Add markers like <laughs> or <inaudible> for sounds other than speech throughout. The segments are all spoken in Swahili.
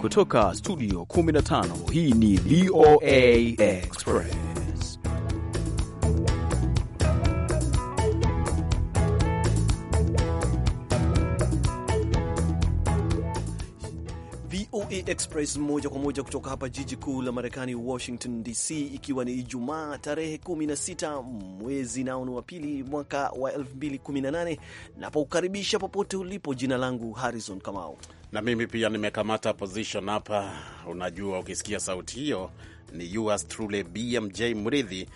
Kutoka studio 15 hii ni VOA Express. VOA Express moja kwa moja kutoka hapa jiji kuu la Marekani, Washington DC, ikiwa ni Ijumaa tarehe 16 mwezi naoni wa pili mwaka wa 2018, napoukaribisha popote ulipo. Jina langu Harrison Kamau na mimi pia nimekamata position hapa. Unajua, ukisikia sauti hiyo ni yours truly BMJ Mridhi.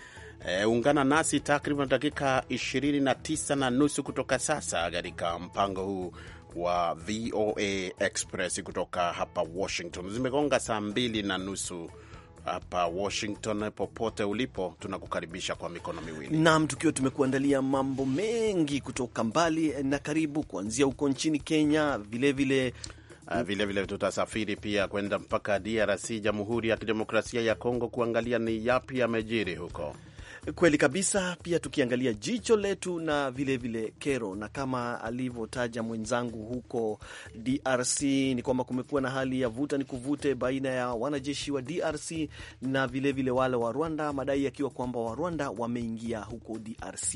E, ungana nasi takriban dakika 29 na nusu kutoka sasa katika mpango huu wa VOA Express kutoka hapa Washington. Zimegonga saa mbili na nusu hapa Washington. Popote ulipo, tunakukaribisha kwa mikono miwili nam, tukiwa tumekuandalia mambo mengi kutoka mbali na karibu, kuanzia huko nchini Kenya, vilevile Vilevile ah, vile tutasafiri pia kwenda mpaka DRC, Jamhuri ya Kidemokrasia ya Kongo, kuangalia ni yapi yamejiri huko. Kweli kabisa, pia tukiangalia jicho letu na vilevile vile kero, na kama alivyotaja mwenzangu huko DRC ni kwamba kumekuwa na hali ya vuta ni kuvute baina ya wanajeshi wa DRC na vilevile vile wale wa Rwanda, madai yakiwa kwamba wa Rwanda wameingia huko DRC.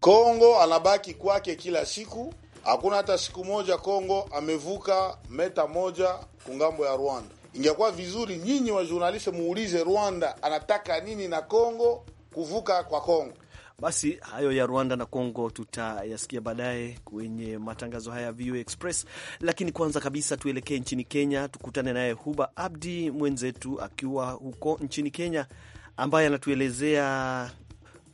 Kongo anabaki kwake kila siku Hakuna hata siku moja Kongo amevuka meta moja kungambo ya Rwanda. Ingekuwa vizuri nyinyi wajurnaliste muulize Rwanda anataka nini na Kongo kuvuka kwa Kongo. Basi hayo ya Rwanda na Kongo tutayasikia baadaye kwenye matangazo haya ya VOA Express, lakini kwanza kabisa tuelekee nchini Kenya, tukutane naye Huba Abdi mwenzetu akiwa huko nchini Kenya, ambaye anatuelezea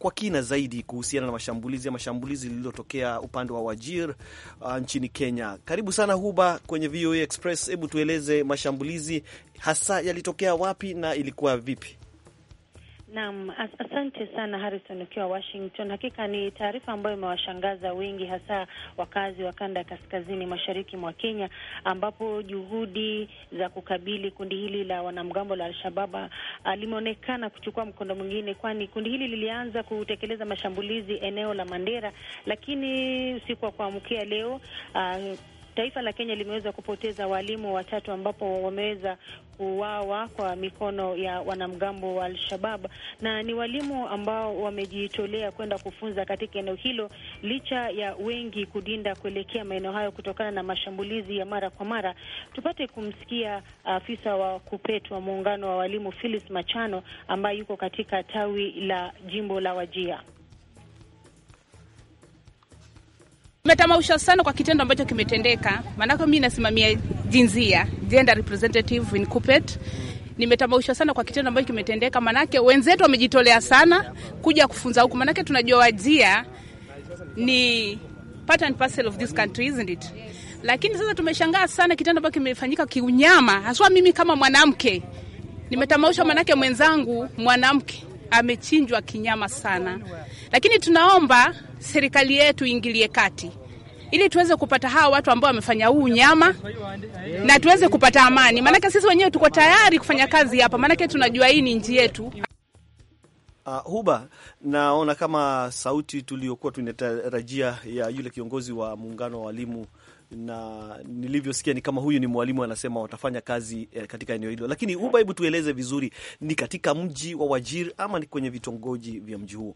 kwa kina zaidi kuhusiana na mashambulizi ya mashambulizi lililotokea upande wa Wajir uh, nchini Kenya. Karibu sana Huba kwenye VOA Express. Hebu tueleze mashambulizi hasa yalitokea wapi na ilikuwa vipi? Naam, asante sana Harrison, ukiwa Washington. Hakika ni taarifa ambayo imewashangaza wengi, hasa wakazi wa kanda ya kaskazini mashariki mwa Kenya, ambapo juhudi za kukabili kundi hili la wanamgambo la Alshababa ah, limeonekana kuchukua mkondo mwingine, kwani kundi hili lilianza kutekeleza mashambulizi eneo la Mandera, lakini usiku wa kuamkia leo uh, Taifa la Kenya limeweza kupoteza walimu watatu ambapo wameweza kuuawa kwa mikono ya wanamgambo wa Al-Shabab, na ni walimu ambao wamejitolea kwenda kufunza katika eneo hilo, licha ya wengi kudinda kuelekea maeneo hayo kutokana na mashambulizi ya mara kwa mara. Tupate kumsikia afisa wa KUPPET wa muungano wa walimu Phyllis Machano ambaye yuko katika tawi la jimbo la Wajia. Umetamausha sana kwa kitendo ambacho kimetendeka, maanake mi nasimamia jinsia, gender representative in Kupet. Nimetamausha sana kwa kitendo ambacho kimetendeka, maanake wenzetu wamejitolea sana kuja kufunza huku, maanake tunajua wajia ni part and parcel of this country isn't it? Lakini sasa tumeshangaa sana kitendo ambacho kimefanyika kiunyama, haswa mimi kama mwanamke nimetamausha, maanake mwenzangu mwanamke amechinjwa kinyama sana, lakini tunaomba serikali yetu ingilie kati ili tuweze kupata hawa watu ambao wamefanya huu nyama na tuweze kupata amani, maanake sisi wenyewe tuko tayari kufanya kazi hapa, maanake tunajua hii ni nchi yetu. Uh, huba naona kama sauti tuliyokuwa tunatarajia ya yule kiongozi wa muungano wa walimu na nilivyosikia ni kama huyu ni mwalimu anasema watafanya kazi eh, katika eneo hilo. Lakini Uba, hebu tueleze vizuri, ni katika mji wa Wajir ama ni kwenye vitongoji vya mji huo?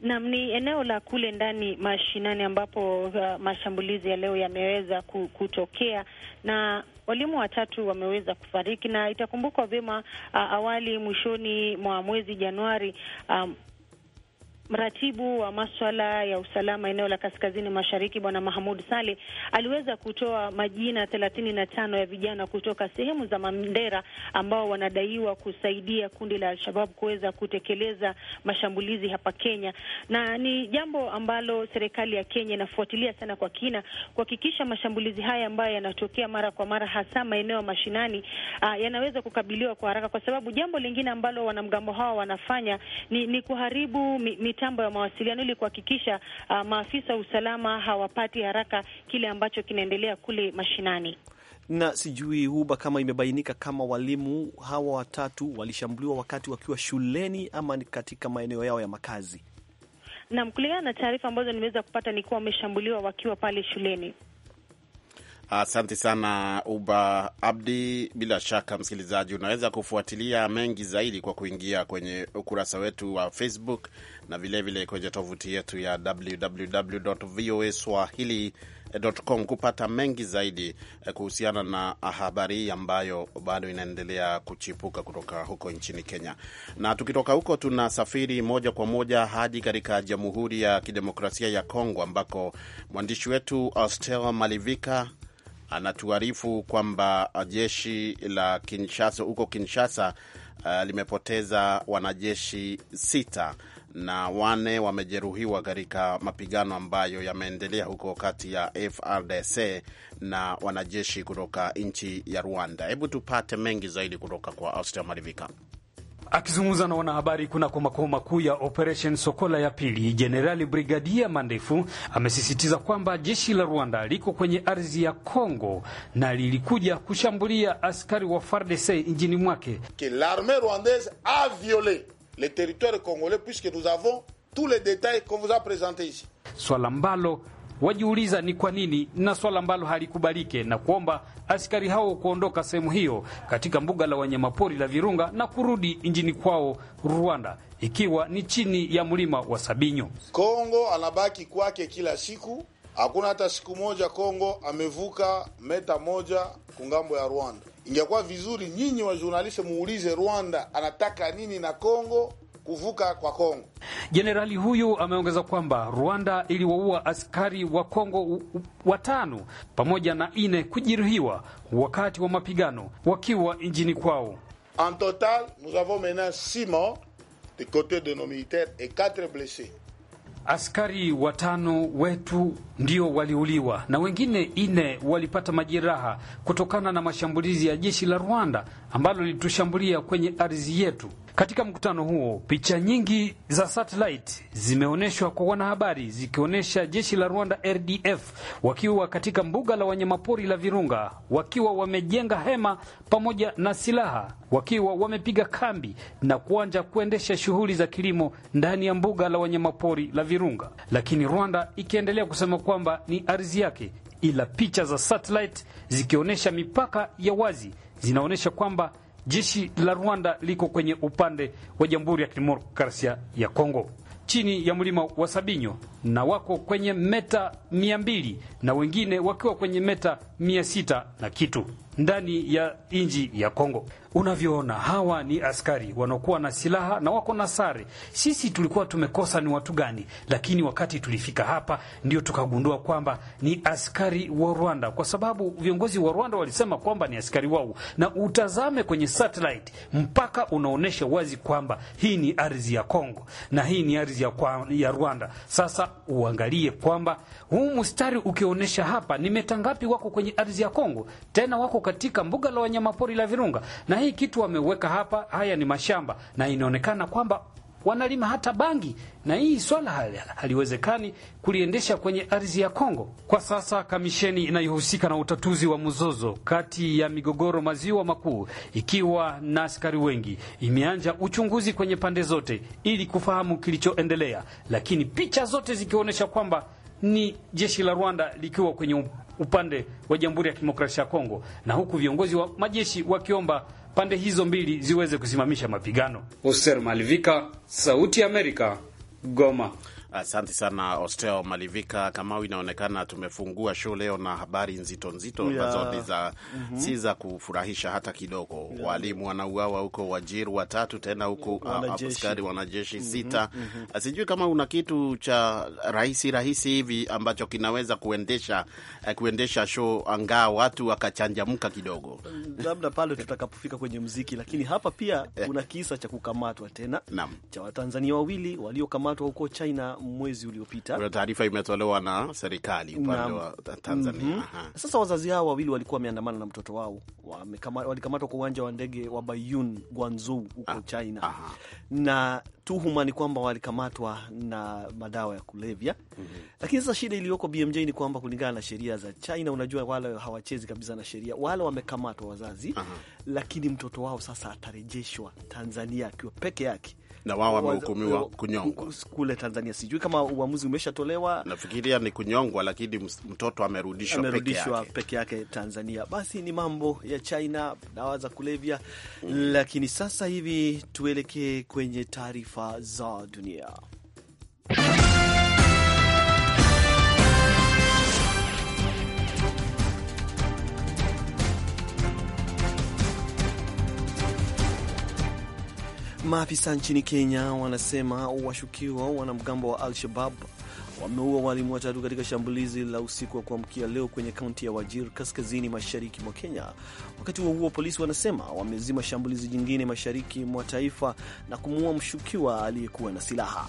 Naam, ni eneo la kule ndani mashinani ambapo uh, mashambulizi ya leo yameweza kutokea na walimu watatu wameweza kufariki, na itakumbukwa vyema uh, awali mwishoni mwa mwezi Januari um, Mratibu wa maswala ya usalama eneo la kaskazini mashariki Bwana Mahamud Sale aliweza kutoa majina thelathini na tano ya vijana kutoka sehemu za Mandera ambao wanadaiwa kusaidia kundi la Alshabab kuweza kutekeleza mashambulizi hapa Kenya, na ni jambo ambalo serikali ya Kenya inafuatilia sana kwa kina kuhakikisha mashambulizi haya ambayo yanatokea mara kwa mara, hasa maeneo ya mashinani, yanaweza kukabiliwa kwa haraka, kwa sababu jambo lingine ambalo wanamgambo hawa wanafanya ni, ni kuharibu mi mitambo ya mawasiliano ili kuhakikisha uh, maafisa wa usalama hawapati haraka kile ambacho kinaendelea kule mashinani. Na sijui Huba, kama imebainika kama walimu hawa watatu walishambuliwa wakati wakiwa shuleni ama katika maeneo yao ya makazi. Naam, kulingana na taarifa ambazo nimeweza kupata ni kuwa wameshambuliwa wakiwa pale shuleni. Asante sana Uba Abdi. Bila shaka, msikilizaji, unaweza kufuatilia mengi zaidi kwa kuingia kwenye ukurasa wetu wa Facebook na vilevile vile kwenye tovuti yetu ya www voa swahili.com kupata mengi zaidi eh, kuhusiana na habari ambayo bado inaendelea kuchipuka kutoka huko nchini Kenya. Na tukitoka huko, tunasafiri moja kwa moja hadi katika Jamhuri ya Kidemokrasia ya Kongo ambako mwandishi wetu Austel Malivika anatuarifu kwamba jeshi la Kinshasa huko Kinshasa uh, limepoteza wanajeshi sita na wane wamejeruhiwa katika mapigano ambayo yameendelea huko kati ya FRDC na wanajeshi kutoka nchi ya Rwanda. Hebu tupate mengi zaidi kutoka kwa austria Marivika. Akizungumza na wanahabari kunako makao makuu ya Operation Sokola ya pili, Jenerali Brigadia Mandefu amesisitiza kwamba jeshi la Rwanda liko kwenye ardhi ya Kongo na lilikuja kushambulia askari wa FARDC nchini mwake. Que l'armée rwandaise a violé le territoire congolais puisque nous avons tous les détails qu'on vous a présentés ici. Swala mbalo wajiuliza ni kwa nini, na swala ambalo halikubalike, na kuomba askari hao kuondoka sehemu hiyo katika mbuga la wanyamapori la Virunga na kurudi nchini kwao Rwanda, ikiwa ni chini ya mlima wa Sabinyo. Kongo anabaki kwake kila siku. Hakuna hata siku moja Kongo amevuka meta moja kungambo ya Rwanda. Ingekuwa vizuri nyinyi wajurnaliste muulize Rwanda anataka nini na Kongo kuvuka kwa Kongo. Jenerali huyu ameongeza kwamba Rwanda iliwaua askari wa Kongo watano pamoja na ine kujeruhiwa wakati wa mapigano wakiwa nchini kwao. En total, nous avons maintenant six morts du côté de nos militaires et quatre blessés. Askari watano wetu ndio waliuliwa na wengine ine walipata majeraha kutokana na mashambulizi ya jeshi la Rwanda ambalo lilitushambulia kwenye ardhi yetu katika mkutano huo, picha nyingi za satellite zimeonyeshwa kwa wanahabari zikionyesha jeshi la Rwanda RDF wakiwa katika mbuga la wanyamapori la Virunga wakiwa wamejenga hema pamoja na silaha wakiwa wamepiga kambi na kuanza kuendesha shughuli za kilimo ndani ya mbuga la wanyamapori la Virunga, lakini Rwanda ikiendelea kusema kwamba ni ardhi yake, ila picha za satellite zikionyesha mipaka ya wazi zinaonyesha kwamba Jeshi la Rwanda liko kwenye upande wa Jamhuri ya Kidemokrasia ya Kongo chini ya mlima wa Sabinyo na wako kwenye meta mia mbili na wengine wakiwa kwenye meta mia sita na kitu ndani ya nchi ya Kongo. Unavyoona, hawa ni askari wanaokuwa na silaha na wako na sare. Sisi tulikuwa tumekosa ni watu gani, lakini wakati tulifika hapa ndio tukagundua kwamba ni askari wa Rwanda, kwa sababu viongozi wa Rwanda walisema kwamba ni askari wao, na utazame kwenye satellite mpaka unaonyesha wazi kwamba hii ni ardhi ya Kongo na hii ni ardhi ya, ya Rwanda. Sasa uangalie kwamba huu mstari ukionyesha hapa, ni metangapi wako kwenye ardhi ya Kongo, tena wako katika mbuga la wanyamapori la Virunga, na hii kitu wameweka hapa, haya ni mashamba, na inaonekana kwamba wanalima hata bangi, na hii swala hali, haliwezekani kuliendesha kwenye ardhi ya Kongo kwa sasa. Kamisheni inayohusika na utatuzi wa mzozo kati ya migogoro maziwa makuu, ikiwa na askari wengi, imeanja uchunguzi kwenye pande zote ili kufahamu kilichoendelea, lakini picha zote zikionyesha kwamba ni jeshi la Rwanda likiwa kwenye upande wa Jamhuri ya Kidemokrasia ya Kongo, na huku viongozi wa majeshi wakiomba pande hizo mbili ziweze kusimamisha mapigano. Oser Malivika, Sauti ya Amerika, Goma. Asante sana Ostel Malivika Kamau. Inaonekana tumefungua show leo na habari nzito nzito ambazo za mm -hmm. si za kufurahisha hata kidogo yeah. Walimu wanauawa huko, wajir watatu tena huko, uh, askari wanajeshi mm-hmm, sita. mm -hmm. mm -hmm. Sijui kama una kitu cha rahisi rahisi hivi ambacho kinaweza kuendesha eh, kuendesha show angaa watu wakachanjamka kidogo, mm, labda pale tutakapofika kwenye mziki. Lakini hapa pia eh. kuna kisa cha kukamatwa tena Nam. cha Watanzania wawili waliokamatwa huko China mwezi uliopita. Kuna taarifa imetolewa na serikali upande wa Tanzania. mm -hmm. Sasa wazazi hao wawili walikuwa wameandamana na mtoto wao, walikamatwa kwa uwanja wa ndege wa Baiyun Guangzhou huko ah, China. Aha. na tuhuma ni kwamba walikamatwa na madawa ya kulevya. mm -hmm. Lakini sasa shida iliyoko BMJ ni kwamba kulingana na sheria za China, unajua wale hawachezi kabisa na sheria, wale wamekamatwa wazazi. Aha. Lakini mtoto wao sasa atarejeshwa Tanzania akiwa peke yake na wao wamehukumiwa kunyongwa kule Tanzania. Sijui kama uamuzi umeshatolewa, nafikiria ni kunyongwa, lakini mtoto amerudishwa, amerudishwa peke yake Tanzania. Basi ni mambo ya China, dawa za kulevya mm. Lakini sasa hivi tuelekee kwenye taarifa za dunia Maafisa nchini Kenya wanasema washukiwa wanamgambo wa Al-Shabab wameua walimu watatu katika shambulizi la usiku wa kuamkia leo kwenye kaunti ya Wajir, kaskazini mashariki mwa Kenya. Wakati huo huo, polisi wanasema wamezima shambulizi jingine mashariki mwa taifa na kumuua mshukiwa aliyekuwa na silaha.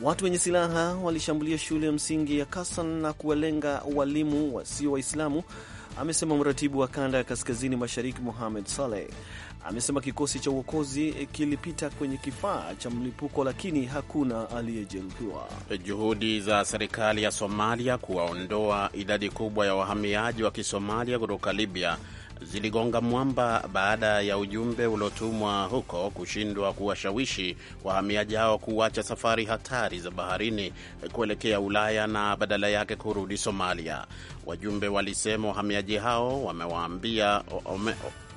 Watu wenye silaha walishambulia shule ya msingi ya Kasan na kuwalenga walimu wasio Waislamu, amesema mratibu wa kanda ya kaskazini mashariki Mohamed Saleh amesema kikosi cha uokozi kilipita kwenye kifaa cha mlipuko lakini hakuna aliyejeruhiwa. Juhudi za serikali ya Somalia kuwaondoa idadi kubwa ya wahamiaji wa Kisomalia kutoka Libya ziligonga mwamba baada ya ujumbe uliotumwa huko kushindwa kuwashawishi wahamiaji hao kuacha safari hatari za baharini kuelekea Ulaya na badala yake kurudi Somalia. Wajumbe walisema wahamiaji hao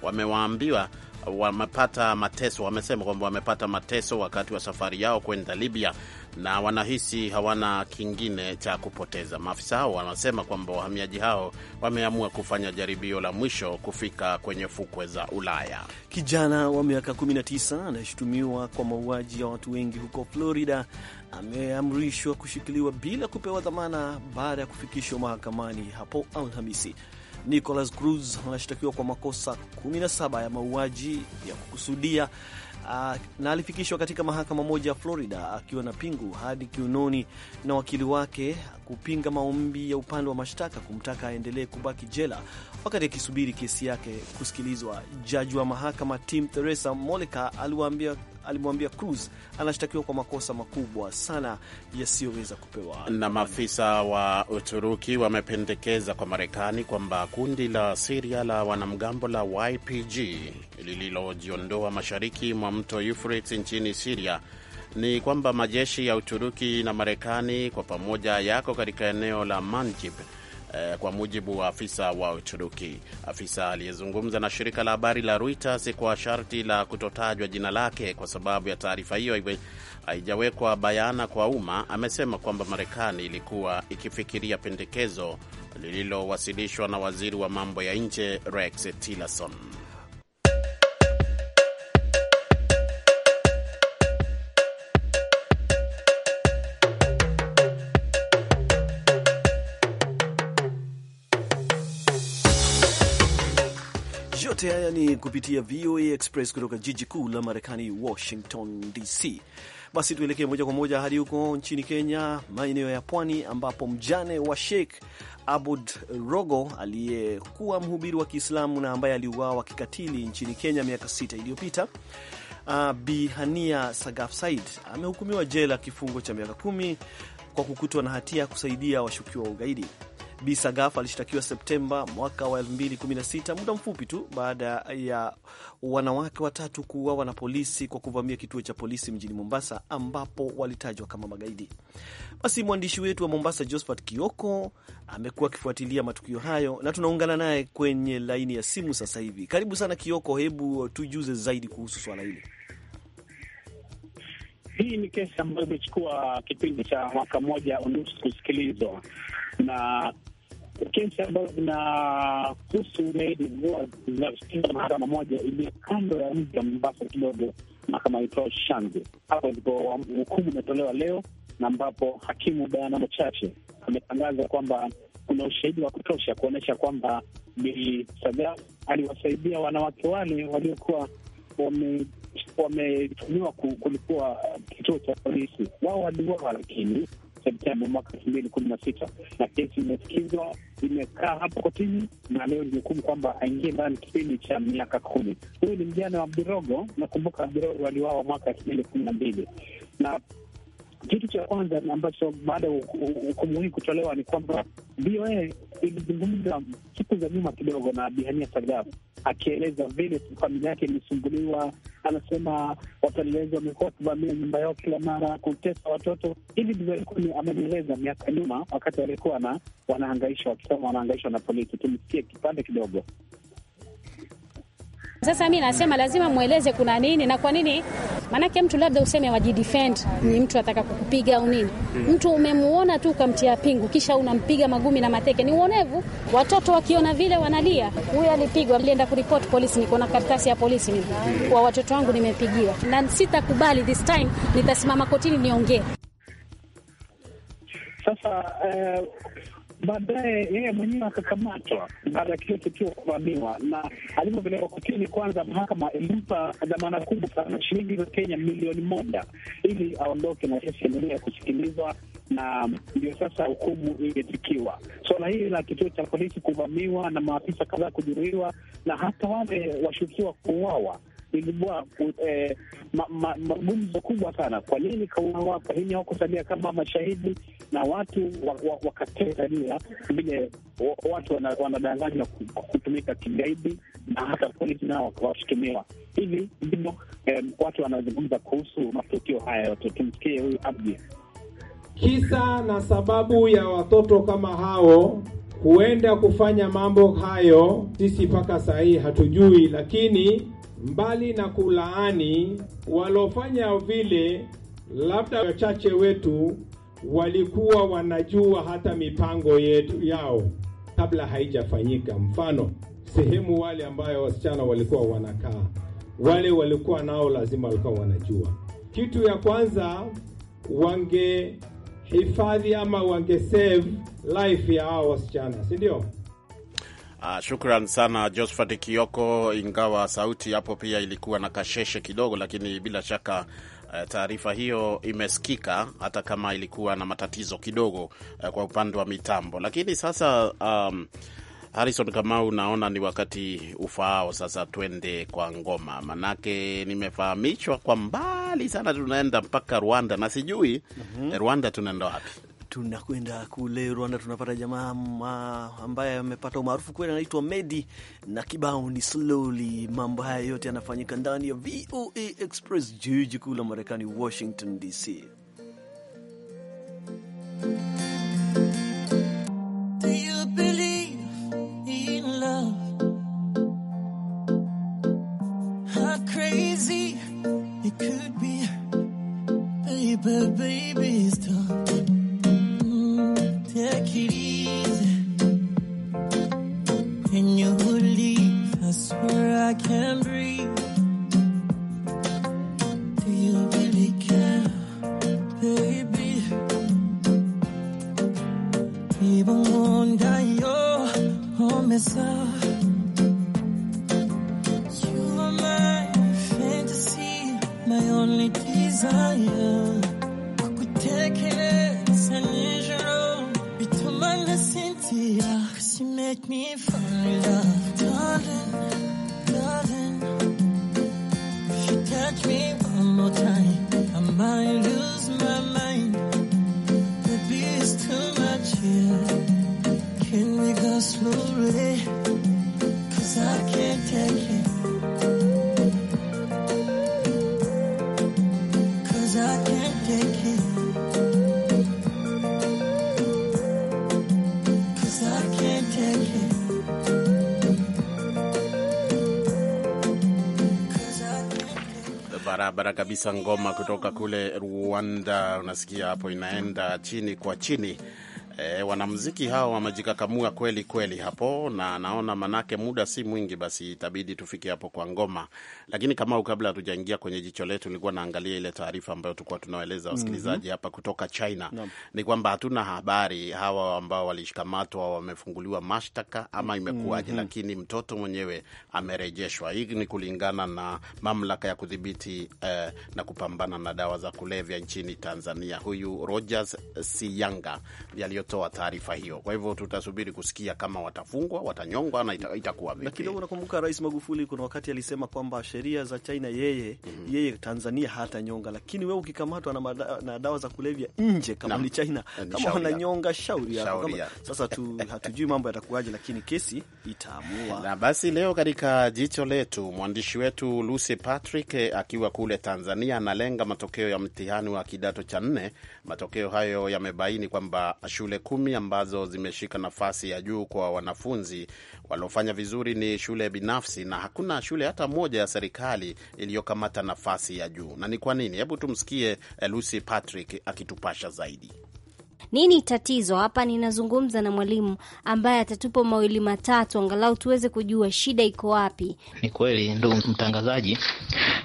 wamewaambiwa wamepata mateso, wamesema kwamba wamepata mateso wakati wa safari yao kwenda Libya na wanahisi hawana kingine cha kupoteza. Maafisa hao wanasema kwamba wahamiaji hao wameamua kufanya jaribio la mwisho kufika kwenye fukwe za Ulaya. Kijana wa miaka 19 anayeshutumiwa kwa mauaji ya watu wengi huko Florida ameamrishwa kushikiliwa bila kupewa dhamana baada ya kufikishwa mahakamani hapo Alhamisi. Nicolas Cruz anashtakiwa kwa makosa 17 ya mauaji ya kukusudia ah, na alifikishwa katika mahakama moja ya Florida akiwa na pingu hadi kiunoni na wakili wake kupinga maombi ya upande wa mashtaka kumtaka aendelee kubaki jela wakati akisubiri kesi yake kusikilizwa. Jaji wa mahakama Tim Theresa Moleka aliwaambia alimwambia Cruz anashtakiwa kwa makosa makubwa sana yasiyoweza kupewa. Na maafisa wa Uturuki wamependekeza kwa Marekani kwamba kundi la Siria la wanamgambo la YPG lililojiondoa mashariki mwa mto Euphrates nchini Siria ni kwamba majeshi ya Uturuki na Marekani kwa pamoja yako katika eneo la Manjib eh, kwa mujibu wa afisa wa Uturuki. Afisa aliyezungumza na shirika la habari la Reuters kwa sharti la kutotajwa jina lake kwa sababu ya taarifa hiyo haijawekwa bayana kwa umma, amesema kwamba Marekani ilikuwa ikifikiria pendekezo lililowasilishwa na waziri wa mambo ya nje Rex Tillerson. Yote haya ni kupitia VOA Express kutoka jiji kuu la Marekani, Washington DC. Basi tuelekee moja kwa moja hadi huko nchini Kenya, maeneo ya pwani, ambapo mjane wa Sheikh Abud Rogo aliyekuwa mhubiri wa Kiislamu na ambaye aliuawa kikatili nchini Kenya miaka sita iliyopita Uh, Bihania Sagaf Said amehukumiwa jela kifungo cha miaka kumi kwa kukutwa na hatia ya kusaidia washukiwa wa ugaidi. Bisagaf alishtakiwa Septemba mwaka wa 2016 muda mfupi tu baada ya wanawake watatu kuuawa na polisi kwa kuvamia kituo cha polisi mjini Mombasa, ambapo walitajwa kama magaidi. Basi mwandishi wetu wa Mombasa, Josphat Kioko, amekuwa akifuatilia matukio hayo na tunaungana naye kwenye laini ya simu sasa hivi. Karibu sana Kioko, hebu tujuze zaidi kuhusu swala hili. Hii ni kesi ambayo imechukua kipindi cha mwaka mmoja unusu kusikilizwa na kesi ambazo zinahusu zaidi zinasikizwa mahakama moja iliyo kando ya mji wa Mombasa kidogo, mahakama aitwao Shanzu. Hapo ndipo hukumu imetolewa leo, na ambapo hakimu bayana Machache ametangaza kwamba kuna ushahidi wa kutosha kuonyesha kwamba Bi Sagaa aliwasaidia wanawake wale waliokuwa wame wametumiwa kulikuwa kituo cha polisi. Wao waliuawa, lakini Septemba mwaka elfu mbili kumi na sita na kesi imesikizwa imekaa hapo kotini, na leo limehukumu kwamba aingie ndani kipindi cha miaka kumi. Huyu ni mjana wa Abdirogo. Nakumbuka Abdirogo waliwawa mwaka elfu mbili kumi na mbili na kitu cha kwanza ambacho baada ya hukumu hii kutolewa ni kwamba VOA ilizungumza siku za nyuma kidogo na Bihania sagar akieleza vile familia yake imesumbuliwa. Anasema wapelelezi wamekuwa wakivamia nyumba yao kila mara, kutesa watoto. Hivi ndivyo alikuwa ameeleza miaka nyuma, wakati walikuwa wanahangaishwa, wakisema wanahangaishwa na polisi. Tumsikie kipande kidogo. Sasa mi nasema lazima mweleze kuna nini na kwa nini Maanake mtu labda useme wajidefend, ni mtu ataka kukupiga au nini, mm. mtu umemuona tu ukamtia pingu, kisha unampiga magumi na mateke, ni uonevu. Watoto wakiona vile wanalia, huyu alipigwa. lienda kuripot polisi, niko na karatasi ya polisi mm. kwa watoto wangu, nimepigiwa na sitakubali. This time nitasimama kotini niongee. Sasa uh baadaye yeye mwenyewe akakamatwa baada ya kile tukio kuvamiwa, na alivyopelekwa kotini, kwanza mahakama ilimpa dhamana kubwa sana, shilingi za Kenya milioni moja, ili aondoke na kesi endelea kusikilizwa, na ndio sasa hukumu imetikiwa. Suala hili la kituo cha polisi kuvamiwa na maafisa kadhaa kujeruhiwa na hata wale washukiwa kuuawa kulibua magumzo eh, ma, kubwa sana. Kwa nini kauawa? Kwa nini hawakusalia kama mashahidi? Na watu wakateza jua vile watu wanadanganywa kutumika kigaidi, na hata polisi nao wakawashutumiwa. Hivi ndivyo eh, watu wanazungumza kuhusu matukio haya yote. Tumsikie huyu Abdi. Kisa na sababu ya watoto kama hao huenda kufanya mambo hayo, sisi mpaka saa hii hatujui, lakini mbali na kulaani walofanya vile, labda wachache wetu walikuwa wanajua hata mipango yetu yao kabla haijafanyika. Mfano, sehemu wale ambayo wasichana walikuwa wanakaa, wale walikuwa nao lazima walikuwa wanajua. Kitu ya kwanza wangehifadhi ama wangesave life ya hao wasichana, si ndio? Ah, shukran sana Josphat Kioko, ingawa sauti hapo pia ilikuwa na kasheshe kidogo, lakini bila shaka eh, taarifa hiyo imesikika hata kama ilikuwa na matatizo kidogo eh, kwa upande wa mitambo. Lakini sasa um, Harrison Kamau, naona ni wakati ufaao sasa, twende kwa ngoma, manake nimefahamishwa kwa mbali sana tunaenda mpaka Rwanda na sijui mm -hmm. Rwanda tunaenda wapi? Tunakwenda kule Rwanda, tunapata jamaa ambaye amepata umaarufu kweli, anaitwa Medi na kibao ni slowly. Mambo haya yote yanafanyika ndani ya VOA Express, jiji kuu la Marekani, Washington DC. Baby, baby, take it easy. When you leave, I swear I can't breathe. barabara kabisa, ngoma kutoka kule Rwanda unasikia hapo, inaenda chini kwa chini E, eh, wanamziki hao wamejikakamua kweli kweli hapo, na naona manake muda si mwingi, basi itabidi tufike hapo kwa ngoma. Lakini Kamau, kabla hatujaingia kwenye jicho letu, nilikuwa naangalia ile taarifa ambayo tulikuwa tunawaeleza wasikilizaji mm -hmm. hapa kutoka China no. ni kwamba hatuna habari hawa ambao walishikamatwa wamefunguliwa mashtaka ama imekuwaje, mm -hmm. lakini mtoto mwenyewe amerejeshwa. Hii ni kulingana na mamlaka ya kudhibiti eh, na kupambana na dawa za kulevya nchini Tanzania. Huyu Rogers Siyanga yaliyo waliotoa taarifa hiyo. Kwa hivyo tutasubiri kusikia kama watafungwa, watanyongwa na ita, itakuwa vipi. Na kidogo nakumbuka Rais Magufuli kuna wakati alisema kwamba sheria za China yeye mm -hmm. yeye Tanzania hatanyonga, lakini wewe ukikamatwa na, na dawa za kulevya nje kama ni China kama wananyonga, shauri Kama, Sasa tu, <laughs> hatujui mambo yatakuwaje, lakini kesi itaamua. Na basi leo katika jicho letu mwandishi wetu Lucy Patrick eh, akiwa kule Tanzania analenga matokeo ya mtihani wa kidato cha nne. Matokeo hayo yamebaini kwamba shule shule kumi ambazo zimeshika nafasi ya juu kwa wanafunzi. Waliofanya vizuri ni shule binafsi na hakuna shule hata moja ya serikali iliyokamata nafasi ya juu. Na ni kwa nini? Hebu tumsikie eh, Lucy Patrick akitupasha zaidi. Nini tatizo hapa? Ninazungumza na mwalimu ambaye atatupa mawili matatu, angalau tuweze kujua shida iko wapi. Ni kweli, ndugu mtangazaji,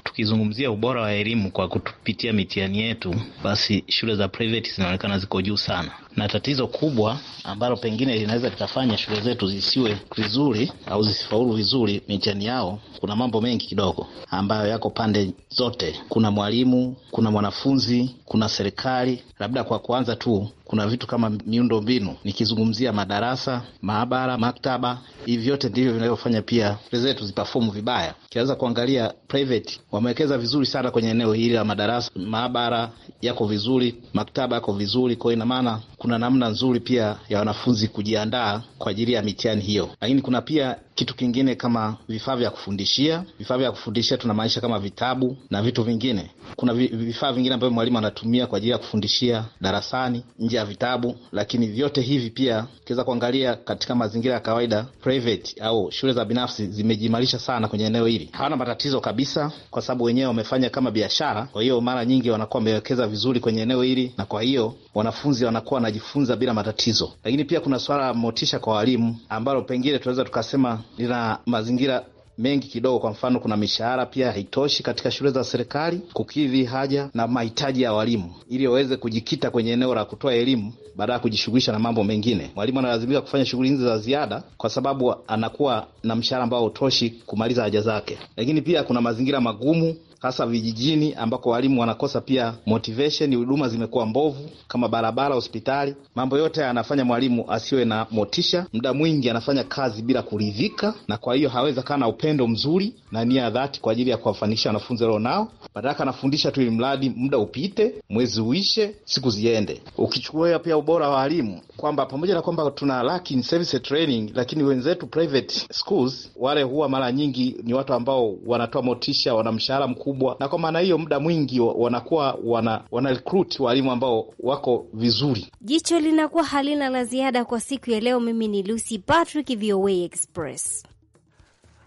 tukizungumzia ubora wa elimu kwa kutupitia mitihani yetu, basi shule za private zinaonekana ziko juu sana na tatizo kubwa ambalo pengine linaweza likafanya shule zetu zisiwe vizuri au zisifaulu vizuri mitihani yao, kuna mambo mengi kidogo ambayo yako pande zote. Kuna mwalimu, kuna mwanafunzi, kuna serikali. Labda kwa kuanza tu, kuna vitu kama miundo mbinu, nikizungumzia madarasa, maabara, maktaba. Hivi vyote ndivyo vinavyofanya pia shule zetu zipafomu vibaya. Ukiweza kuangalia private, wamewekeza vizuri sana kwenye eneo hili la madarasa, maabara yako vizuri, maktaba yako vizuri, kwa ina maana kuna namna nzuri pia ya wanafunzi kujiandaa kwa ajili ya mitihani hiyo, lakini kuna pia kitu kingine kama vifaa vya kufundishia, vifaa vya kufundishia tunamaanisha kama vitabu na vitu vingine. Kuna vifaa vingine ambavyo mwalimu anatumia kwa ajili ya kufundishia darasani nje ya vitabu, lakini vyote hivi pia ukiweza kuangalia katika mazingira ya kawaida, private au shule za binafsi zimejiimarisha sana kwenye eneo hili. Hawana matatizo kabisa, kwa sababu wenyewe wamefanya kama biashara. Kwa hiyo mara nyingi wanakuwa wamewekeza vizuri kwenye eneo hili, na kwa hiyo wanafunzi wanakuwa wanajifunza bila matatizo. Lakini pia kuna swala la motisha kwa walimu ambalo pengine tunaweza tukasema lina mazingira mengi kidogo. Kwa mfano, kuna mishahara pia haitoshi katika shule za serikali kukidhi haja na mahitaji ya walimu, ili waweze kujikita kwenye eneo la kutoa elimu baada ya kujishughulisha na mambo mengine. Mwalimu analazimika kufanya shughuli hizi za ziada kwa sababu anakuwa na mshahara ambao hautoshi kumaliza haja zake. Lakini pia kuna mazingira magumu hasa vijijini ambako walimu wanakosa pia motivation. Huduma zimekuwa mbovu kama barabara, hospitali, mambo yote yanafanya mwalimu asiwe na motisha. Muda mwingi anafanya kazi bila kuridhika, na kwa hiyo hawezi kaa na upendo mzuri na nia dhati kwa ajili ya kuwafanikisha wanafunzi walio nao. Madaraka anafundisha tu ili mradi muda upite, mwezi uishe, siku ziende. Ukichukua pia ubora wa walimu kwamba pamoja na kwamba tuna lack in service training, lakini wenzetu private schools wale huwa mara nyingi ni watu ambao wanatoa motisha, wana mshahara mkubwa, na kwa maana hiyo muda mwingi wanakuwa wana, wana recruit walimu ambao wako vizuri. Jicho linakuwa halina la ziada kwa siku ya leo. Mimi ni Lucy Patrick, VOA Express.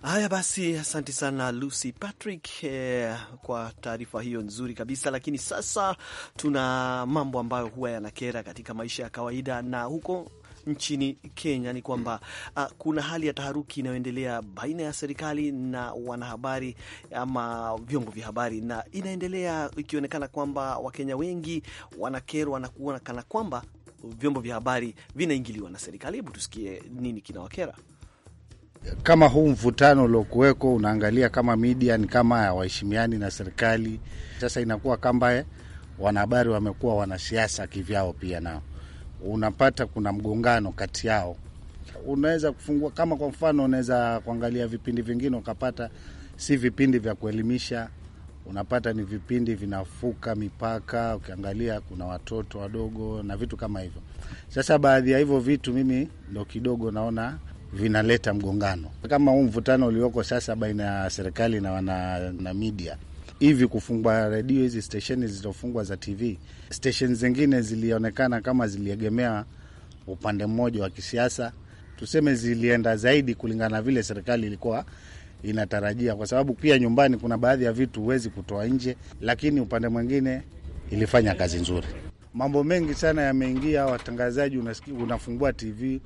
Haya basi, asante sana Lucy Patrick eh, kwa taarifa hiyo nzuri kabisa. Lakini sasa tuna mambo ambayo huwa yanakera katika maisha ya kawaida, na huko nchini Kenya ni kwamba uh, kuna hali ya taharuki inayoendelea baina ya serikali na wanahabari ama vyombo vya habari, na inaendelea ikionekana kwamba Wakenya wengi wanakerwa na kuona kana kwamba vyombo vya habari vinaingiliwa na serikali. Hebu tusikie nini kinawakera kama huu mvutano uliokuweko, unaangalia kama media ni kama hawaheshimiani na serikali. Sasa inakuwa kamba eh, wanahabari wamekuwa wanasiasa kivyao pia, nao unapata kuna mgongano kati yao. Unaweza kufungua kama kwa mfano, unaweza kuangalia vipindi vingine ukapata si vipindi vya kuelimisha, unapata ni vipindi vinafuka mipaka. Ukiangalia kuna watoto wadogo na vitu kama hivyo. Sasa baadhi ya hivyo vitu mimi ndo kidogo naona vinaleta mgongano kama huu mvutano ulioko sasa baina ya serikali na wana na media hivi kufungwa redio hizi stesheni zilizofungwa za TV, stesheni zingine zilionekana kama ziliegemea upande mmoja wa kisiasa, tuseme zilienda zaidi kulingana na vile serikali ilikuwa inatarajia, kwa sababu pia nyumbani kuna baadhi ya vitu huwezi kutoa nje, lakini upande mwingine ilifanya kazi nzuri. Mambo mengi sana yameingia, watangazaji, unafungua TV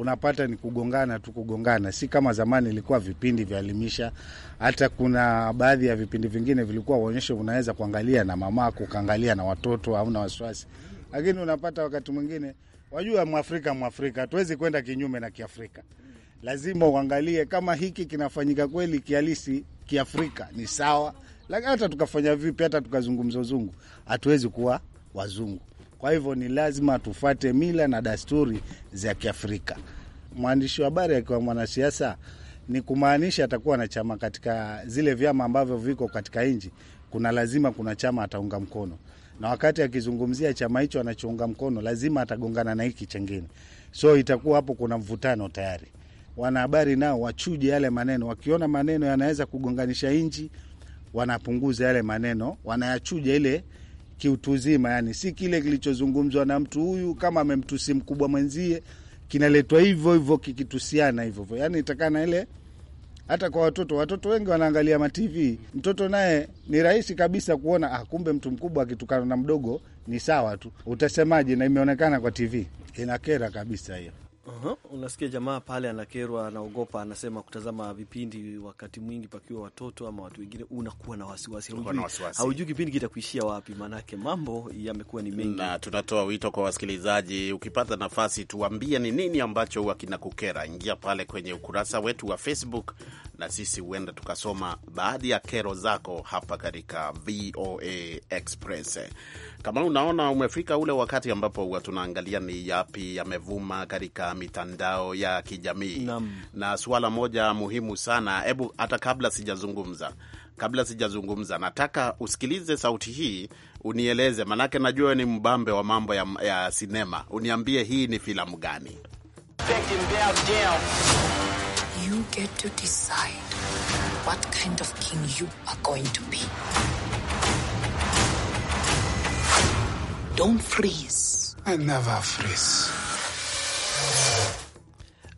unapata ni kugongana tu, kugongana. Si kama zamani ilikuwa vipindi vya elimisha, hata kuna baadhi ya vipindi vingine vilikuwa uonyeshe, unaweza kuangalia na mamako ukaangalia na watoto, hauna wasiwasi. Lakini unapata wakati mwingine, wajua Mwafrika, Mwafrika hatuwezi kwenda kinyume na Kiafrika, lazima uangalie kama hiki kinafanyika kweli kihalisi Kiafrika ni sawa, lakini hata tukafanya vipi, hata tukazungumza uzungu, hatuwezi kuwa wazungu kwa hivyo ni lazima tufuate mila na desturi za Kiafrika. Mwandishi wa habari akiwa mwanasiasa ni kumaanisha atakuwa na chama katika zile vyama ambavyo viko katika nchi, kuna lazima kuna chama ataunga mkono, na wakati akizungumzia chama hicho anachounga mkono lazima atagongana na hiki chengine, so itakuwa hapo kuna mvutano tayari. Wanahabari nao wachuje yale maneno, wakiona maneno yanaweza kugonganisha nchi, wanapunguza yale maneno, wanayachuja ile kiutuzima, yani si kile kilichozungumzwa na mtu huyu, kama amemtusi mkubwa mwenzie, kinaletwa hivyo hivyo kikitusiana hivyo hivyo, yani itakaa ile hata kwa watoto. Watoto wengi wanaangalia matv, mtoto naye ni rahisi kabisa kuona ah, kumbe mtu mkubwa akitukana na mdogo ni sawa tu. Utasemaje? Na imeonekana kwa TV, inakera kabisa hiyo. Uh -huh. Unasikia jamaa pale anakerwa, anaogopa, anasema kutazama vipindi wakati mwingi pakiwa watoto ama watu wengine, unakuwa na wasiwasi, haujui kipindi kitakuishia wapi, maanake mambo yamekuwa ni mengi. Na tunatoa wito kwa wasikilizaji, ukipata nafasi, tuambie ni nini ambacho huwa kinakukera. Ingia pale kwenye ukurasa wetu wa Facebook na sisi huenda tukasoma baadhi ya kero zako hapa katika VOA Express. Kama unaona umefika ule wakati ambapo huwa tunaangalia ni yapi yamevuma katika mitandao ya kijamii Nam. na suala moja muhimu sana, hebu hata kabla sijazungumza kabla sijazungumza, nataka usikilize sauti hii unieleze, manake najua ni mbambe wa mambo ya, ya sinema. Uniambie hii ni filamu gani? get to decide what kind of king you are going to be. Don't freeze. I never freeze.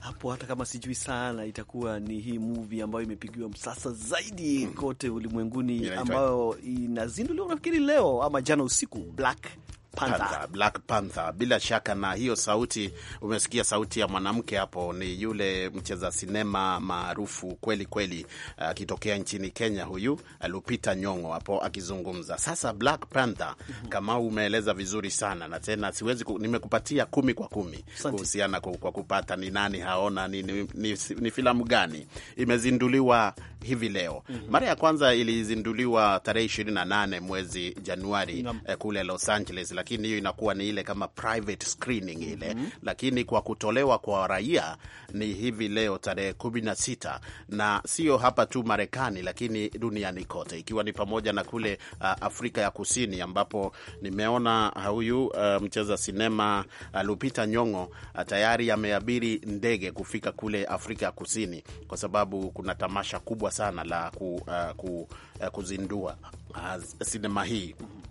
Hapo hata kama sijui sana, itakuwa ni hii movie ambayo imepigiwa msasa zaidi mm, kote ulimwenguni, ambayo inazinduliwa nafikiri leo ama jana usiku Black Panther. Black Panther, bila shaka. Na hiyo sauti umesikia, sauti ya mwanamke hapo ni yule mcheza sinema maarufu kweli kweli akitokea uh, nchini Kenya, huyu Lupita Nyong'o hapo akizungumza. Sasa Black Panther mm -hmm. kama umeeleza vizuri sana na tena siwezi ku, nimekupatia kumi kwa kumi kuhusiana kwa kupata ni nani haona ni, ni, ni, ni filamu gani imezinduliwa hivi leo mm -hmm. mara ya kwanza ilizinduliwa tarehe 28 mwezi Januari mm -hmm. eh, kule Los Angeles lakini hiyo inakuwa ni ile kama private screening ile mm -hmm. Lakini kwa kutolewa kwa raia ni hivi leo tarehe kumi na sita na sio hapa tu Marekani, lakini duniani kote, ikiwa ni pamoja na kule uh, Afrika ya Kusini ambapo nimeona huyu uh, mcheza sinema uh, Lupita Nyong'o uh, tayari ameabiri ndege kufika kule Afrika ya Kusini kwa sababu kuna tamasha kubwa sana la ku, uh, ku, uh, kuzindua uh, sinema hii mhm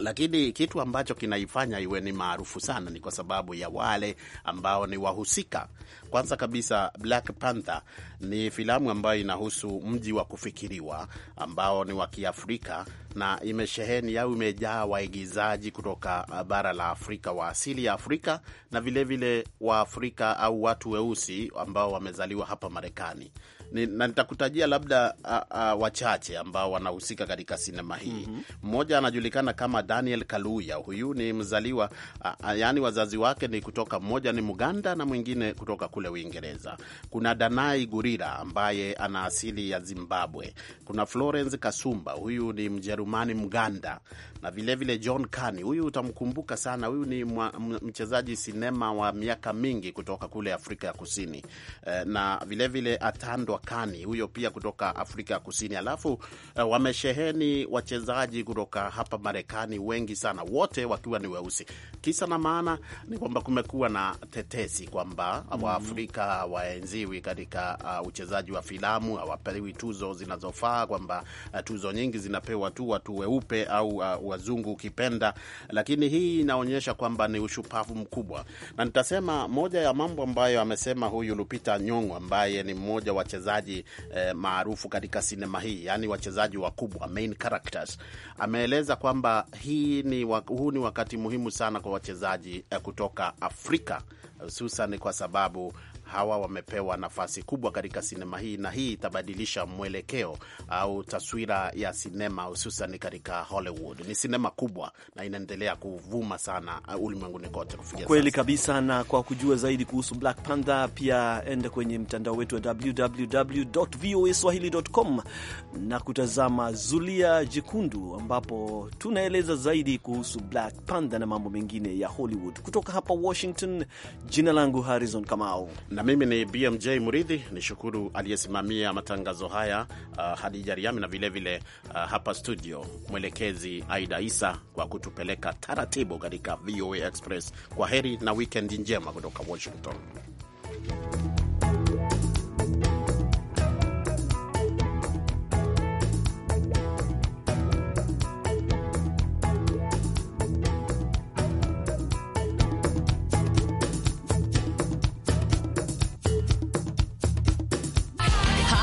lakini kitu ambacho kinaifanya iwe ni maarufu sana ni kwa sababu ya wale ambao ni wahusika kwanza kabisa, Black Panther ni filamu ambayo inahusu mji wa kufikiriwa ambao ni wa Kiafrika na imesheheni au imejaa waigizaji kutoka uh, bara la Afrika wa asili ya Afrika na vilevile vile Waafrika au watu weusi ambao wamezaliwa hapa Marekani ni, na nitakutajia labda a, uh, a, uh, wachache ambao wanahusika katika sinema hii. Mhm. Mmoja mm -hmm. anajulikana kama Daniel Kaluya, Huyu ni mzaliwa a, a, yani wazazi wake ni kutoka, mmoja ni Muganda na mwingine kutoka kule kule Uingereza. Kuna Danai Gurira ambaye ana asili ya Zimbabwe. Kuna Florence Kasumba, huyu ni Mjerumani Mganda, na vilevile vile John Kani, huyu utamkumbuka sana, huyu ni mwa, mchezaji sinema wa miaka mingi kutoka kule Afrika ya Kusini, eh, na vilevile vile Atandwa Kani, huyo pia kutoka Afrika ya Kusini. Alafu eh, wamesheheni wachezaji kutoka hapa Marekani wengi sana, wote wakiwa ni weusi. Kisa na maana ni kwamba kumekuwa na tetesi kwamba mm -hmm. Afrika hawaenziwi katika uh, uchezaji wa filamu, hawapewi tuzo zinazofaa, kwamba uh, tuzo nyingi zinapewa tu watu weupe au uh, wazungu ukipenda, lakini hii inaonyesha kwamba ni ushupavu mkubwa, na nitasema moja ya mambo ambayo amesema huyu Lupita Nyong'o ambaye ni mmoja wa wachezaji eh, maarufu katika sinema hii, yani wachezaji wakubwa, main characters, ameeleza kwamba hii ni huu ni wakati muhimu sana kwa wachezaji eh, kutoka Afrika hususan kwa sababu hawa wamepewa nafasi kubwa katika sinema hii, na hii itabadilisha mwelekeo au taswira ya sinema, hususan katika Hollywood. Ni sinema kubwa na inaendelea kuvuma sana uh, ulimwenguni kote kufikia kweli kabisa. Na kwa kujua zaidi kuhusu Black Panther, pia enda kwenye mtandao wetu wa www.voaswahili.com na kutazama Zulia Jekundu, ambapo tunaeleza zaidi kuhusu Black Panther na mambo mengine ya Hollywood. Kutoka hapa Washington, jina langu Harrison Kamau na mimi ni BMJ Muridhi, ni shukuru aliyesimamia matangazo haya uh, Hadija Riami na vilevile vile, uh, hapa studio mwelekezi Aida Isa kwa kutupeleka taratibu katika VOA Express. Kwa heri na wikendi njema kutoka Washington.